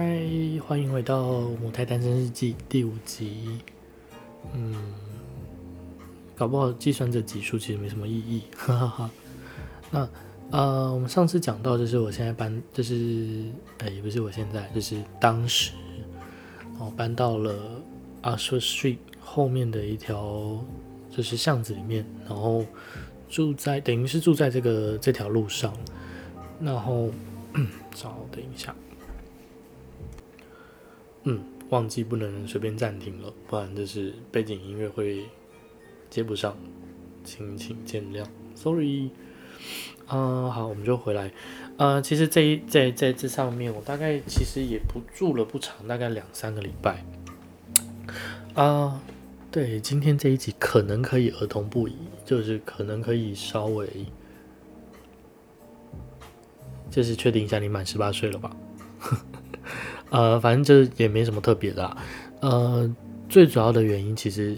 嗨，Hi, 歡迎回到《母胎單身日記》第五集。嗯，搞不好計算這集數其實沒什麼意義。哈哈哈，那呃，我們上次講到，就是我現在搬，就是呃、欸，也不是我現在，就是當時我搬到了 Ashford Street 後面的一條就是巷子裡面，然後住在等於是住在這個這條路上。然後，稍等一下。嗯，忘記不能隨便暫停了，不然就是背景音樂會接不上，請請見諒。Sorry，啊、呃，好，我們就回來。呃，其實這一在在這上面，我大概其實也不住了不長，大概兩三個禮拜。啊、呃，對，今天這一集可能可以兒童不宜，就是可能可以稍微，就是確定一下你滿十八歲了吧。呃，反正就也沒什麼特別的啦，呃，最主要的原因其實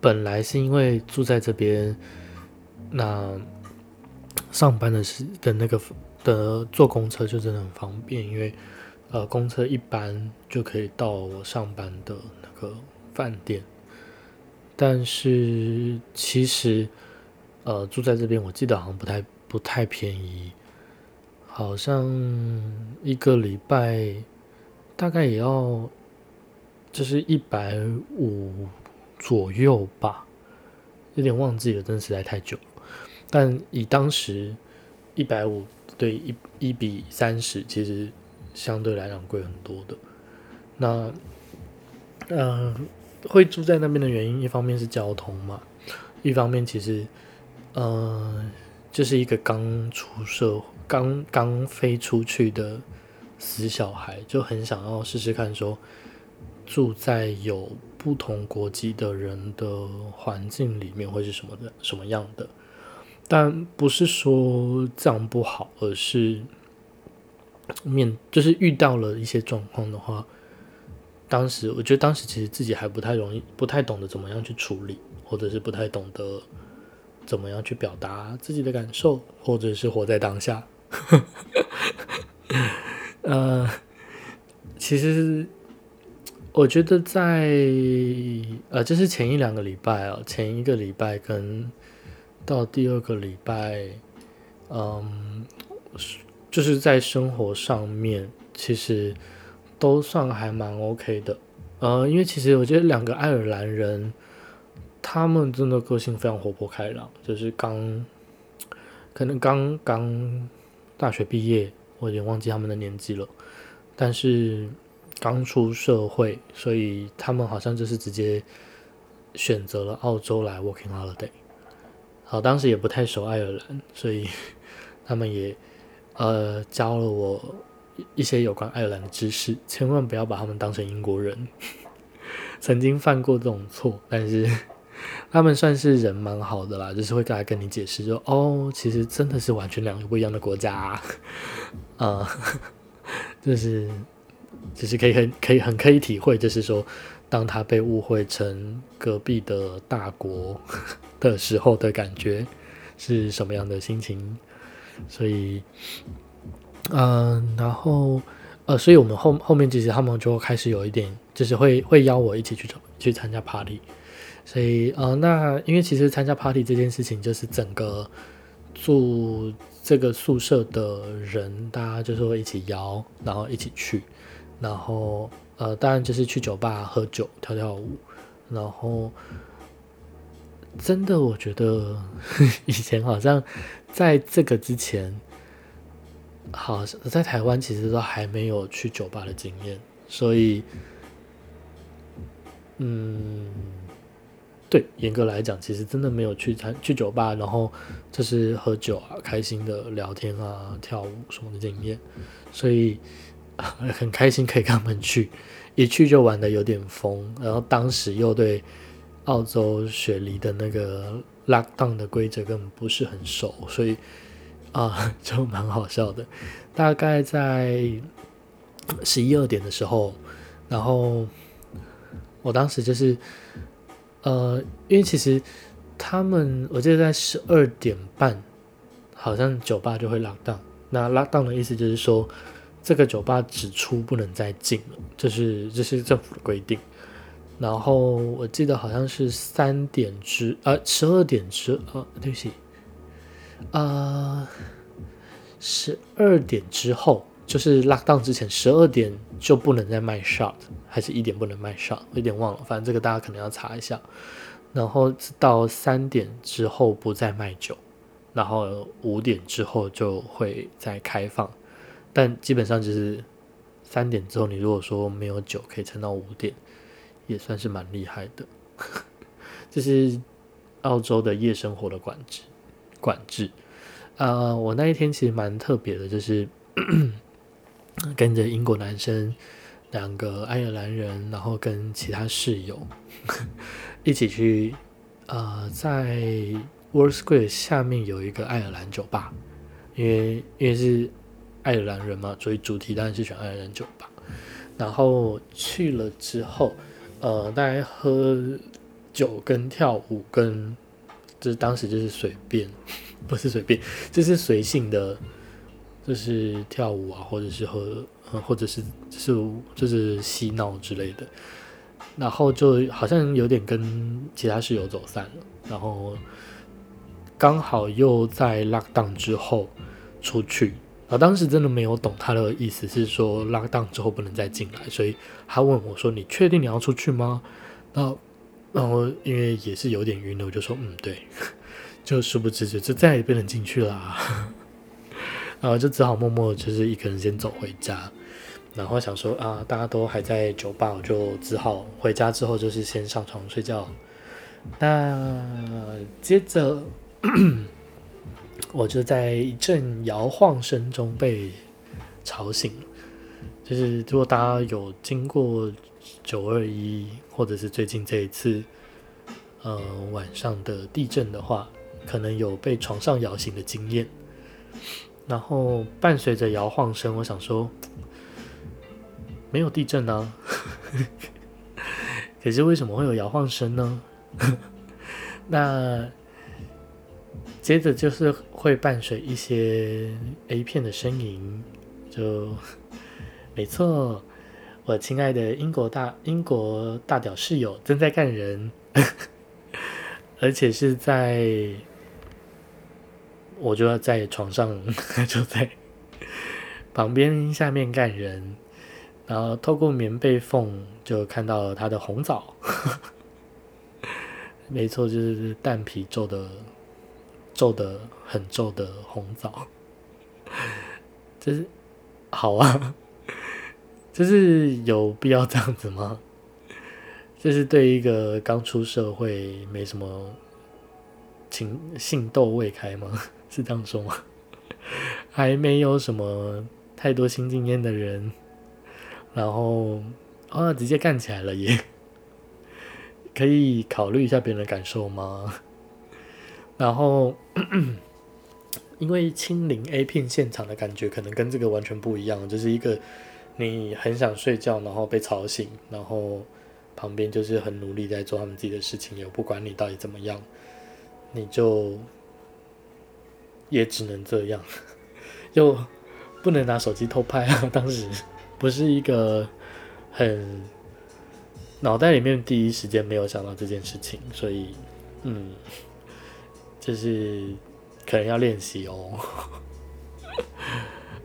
本來是因為住在這邊，那上班的是的那個的坐公車就真的很方便，因為呃，公車一般就可以到我上班的那個飯店，但是其實呃，住在這邊我記得好像不太不太便宜，好像一個禮拜。大概也要就是一百五左右吧，有點忘記了，真的實在太久。但以當時一百五對一，一比三十，其實相對來講貴很多的那。那呃，會住在那邊的原因，一方面是交通嘛，一方面其實呃，就是一個剛出社、剛剛飛出去的。死小孩就很想要試試看說，說住在有不同國籍的人的環境裡面，會是什麼的什麼樣的？但不是說這樣不好，而是面就是遇到了一些狀況的話，當時我覺得當時其實自己還不太容易，不太懂得怎麼樣去處理，或者是不太懂得怎麼樣去表達自己的感受，或者是活在當下。 呃，其實我覺得在呃，這、就是前一兩個禮拜哦，前一個禮拜跟到第二個禮拜，嗯、呃，就是在生活上面，其實都算還蠻 OK 的。呃，因為其實我覺得兩個愛爾蘭人，他們真的個性非常活潑開朗，就是剛可能剛剛大學畢業。我已經忘記他們的年紀了，但是剛出社會，所以他們好像就是直接選擇了澳洲來 working holiday。好，當時也不太熟愛爾蘭，所以他們也呃教了我一些有關愛爾蘭的知識，千萬不要把他們當成英國人。 曾經犯過這種錯，但是。他們算是人蠻好的啦，就是會過來跟你解釋說，哦，其實真的是完全兩個不一樣的國家，啊，嗯，就是，只，就是可以很，可以很，可以體會，就是說，當他被誤會成隔壁的大國的時候的感覺是什麼樣的心情。所以，嗯，然後，呃，所以我們後後面其實他們就開始有一點，就是會會邀我一起去去參加 party。所以，呃，那因為其實參加 party 這件事情，就是整個住這個宿舍的人，大家就是會一起搖，然後一起去，然後，呃，當然就是去酒吧喝酒、跳跳舞，然後，真的，我覺得呵呵以前好像在這個之前，好像在台灣其實都還沒有去酒吧的經驗，所以，嗯。對，嚴格來講，其實真的沒有去參去酒吧，然後就是喝酒啊、開心的聊天啊、跳舞什麼的經驗，所以，啊，很開心可以跟他們去，一去就玩得有點瘋，然後當時又對澳洲雪梨的那個 lockdown 的規則根本不是很熟，所以啊就蠻好笑的。大概在十一二點的時候，然後我當時就是。呃，因為其實他們，我記得在十二點半，好像酒吧就會拉檔。那拉檔的意思就是說，這個酒吧只出不能再進了，這、就是這、就是政府的規定。然後我記得好像是三點之，呃，十二點之，呃、哦，對不起，呃，十二點之後。就是 lockdown 之前十二點就不能再賣 shot，還是一點不能賣 shot，有點忘了，反正這個大家可能要查一下。然後到三點之後不再賣酒，然後五點之後就會再開放。但基本上就是三點之後，你如果說沒有酒可以撐到五點，也算是蠻厲害的。 這是澳洲的夜生活的管制，管制。呃，我那一天其實蠻特別的，就是。 跟着英國男生，兩個愛爾蘭人，然後跟其他室友一起去，呃，在 World Square 下面有一個愛爾蘭酒吧，因為因為是愛爾蘭人嘛，所以主題當然是選愛爾蘭酒吧。然後去了之後，呃，大家喝酒、跟跳舞、跟，就是當時就是隨便，不是隨便，就是隨性的。就是跳舞啊，或者是和，或者是就是就是嬉鬧之類的，然後就好像有點跟其他室友走散了，然後剛好又在 lockdown 之後出去，然後當時真的沒有懂他的意思是說 lockdown 之後不能再進來，所以他問我說：“你確定你要出去嗎？”那然，然後因為也是有點暈了，我就說：“嗯，對。”就殊不知就就再也不能進去了啊。然後、嗯、就只好默默就是一個人先走回家，然後想說啊，大家都還在酒吧，我就只好回家之後就是先上床睡覺。那接着 我就在一陣搖晃聲中被吵醒。就是如果大家有經過九二一或者是最近這一次嗯、呃、晚上的地震的話，可能有被床上搖醒的經驗。然後伴隨着搖晃聲，我想說沒有地震呢、啊，可是為什麼會有搖晃聲呢？那接着就是會伴隨一些 A 片的聲音，就沒錯，我親愛的英國大英國大屌室友正在幹人，而且是在。我就在床上， 就在旁邊下面幹人，然後透過棉被縫就看到了他的紅棗， 沒錯，就是蛋皮皺的皺的很皺的紅棗，就是好啊，就是有必要這樣子嗎？就是對一個剛出社會沒什麼情，性竇未開嗎？是這樣說嗎？還沒有什麼太多新經驗的人，然後啊、哦、直接幹起來了耶！可以考慮一下別人的感受嗎？然後咳咳因為親臨 A 片現場的感覺可能跟這個完全不一樣，就是一個你很想睡覺，然後被吵醒，然後旁邊就是很努力在做他們自己的事情也，也不管你到底怎麼樣，你就。也只能這樣，又不能拿手機偷拍啊！當時不是一個很腦袋裡面第一時間沒有想到這件事情，所以嗯，就是可能要練習哦。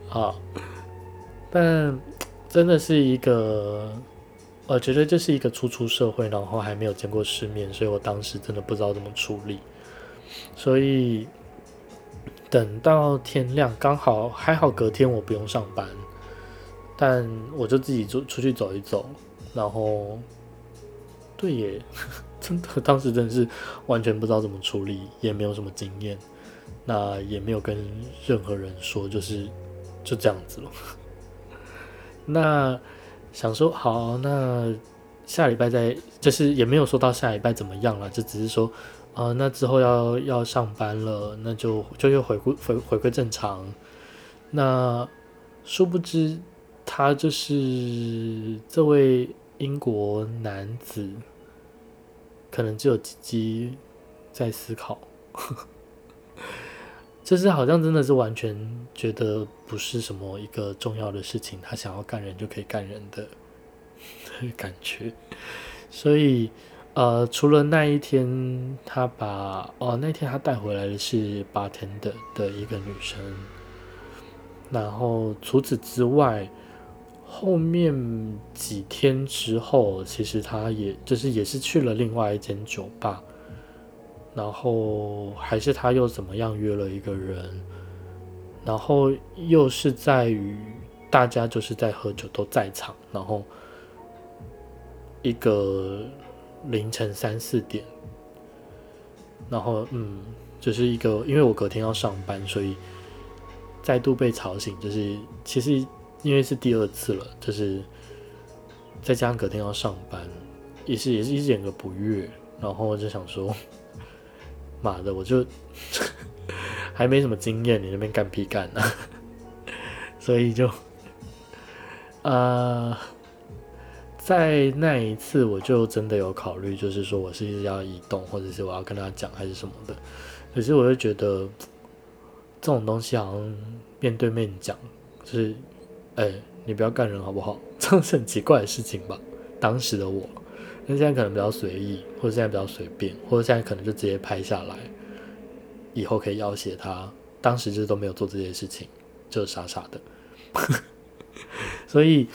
好，但真的是一個，我覺得這是一個初出社會，然後還沒有見過世面，所以我當時真的不知道怎麼處理，所以。等到天亮，剛好還好，隔天我不用上班，但我就自己就出去走一走，然後，對耶，真的，當時真的是完全不知道怎麼處理，也沒有什麼經驗，那也沒有跟任何人說，就是就這樣子了。那想說好，那。下禮拜再，就是也沒有說到下禮拜怎麼樣了，就只是說，啊、呃，那之後要要上班了，那就就又回歸回回歸正常。那殊不知，他就是這位英國男子，可能只有自己在思考， 就是好像真的是完全覺得不是什麼一個重要的事情，他想要幹人就可以幹人的。感覺，所以，呃，除了那一天，他把哦，那天他帶回來的是 Bartender 的一個女生。然後除此之外，後面幾天之後，其實他也就是也是去了另外一間酒吧。然後還是他又怎麼樣約了一個人，然後又是在於大家就是在喝酒都在場，然後。一個凌晨三四點，然後嗯，就是一個，因為我隔天要上班，所以再度被吵醒。就是其實因為是第二次了，就是再加上隔天要上班，也是也是一整個不悅。然後我就想說，媽的，我就呵呵還沒什麼經驗，你那邊幹屁幹呢？所以就，啊、呃在那一次，我就真的有考慮，就是說我是不是要移動，或者是我要跟他講，還是什麼的。可是我就覺得，這種東西好像面對面講就是，誒、欸，你不要幹人好不好？這是很奇怪的事情吧。當時的我，那現在可能比較隨意，或者現在比較隨便，或者現在可能就直接拍下來，以後可以要挾他。當時就是都沒有做這些事情，就是傻傻的。 所以。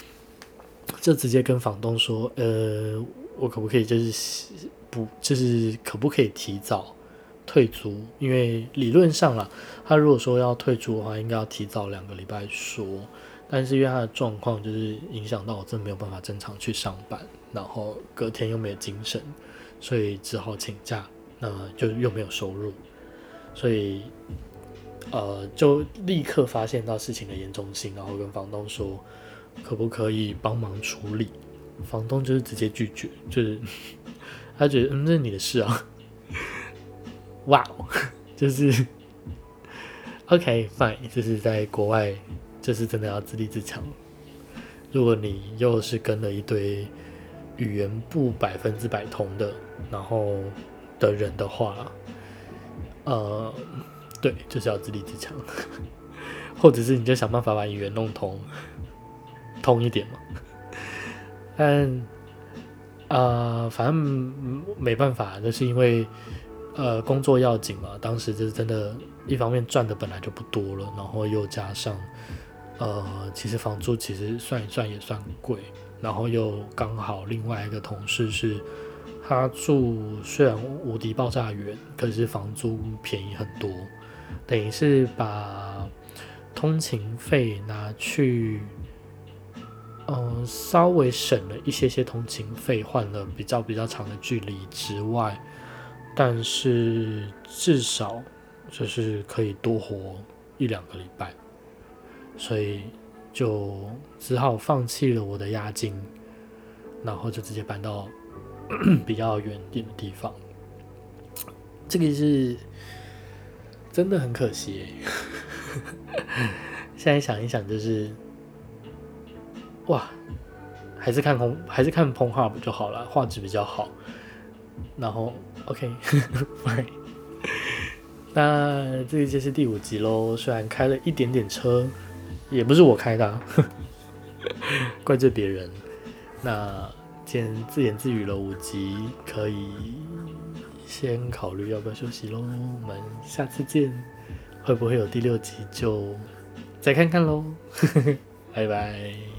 就直接跟房東說，呃，我可不可以就是不，就是可不可以提早退租？因為理論上啦，他如果說要退租的話，應該要提早兩個禮拜說。但是因為他的狀況就是影響到我，真的沒有辦法正常去上班，然後隔天又沒有精神，所以只好請假，那就又沒有收入，所以呃，就立刻發現到事情的嚴重性，然後跟房東說。可不可以幫忙處理？房東就是直接拒絕，就是他覺得嗯，這是你的事啊。哇、wow，就是 OK fine，就是在國外，這、就是真的要自立自強。如果你又是跟了一堆語言不百分之百通的，然後的人的話，呃，對，就是要自立自強，或者是你就想辦法把語言弄通。痛一點嘛，但啊、呃，反正沒辦法，就是因為呃工作要緊嘛。當時就是真的，一方面賺的本來就不多了，然後又加上呃，其實房租其實算一算也算貴，然後又剛好另外一個同事是他住雖然無敵爆炸遠，可是房租便宜很多，等於是把通勤費拿去。嗯，稍微省了一些些通勤費，換了比較比較長的距離之外，但是至少就是可以多活一兩個禮拜，所以就只好放棄了我的押金，然後就直接搬到 比較遠點的地方。這個是真的很可惜、 嗯、現在想一想就是。哇，還是看空，還是看 Pornhub 不就好了，畫質比較好。然後 OK，呵呵，那這一期是第五集嘍。雖然開了一點點車，也不是我開的，啊，怪罪別人。那既然自言自語了五集，可以先考慮要不要休息嘍。我們下次見，會不會有第六集就再看看嘍，呵呵。拜拜。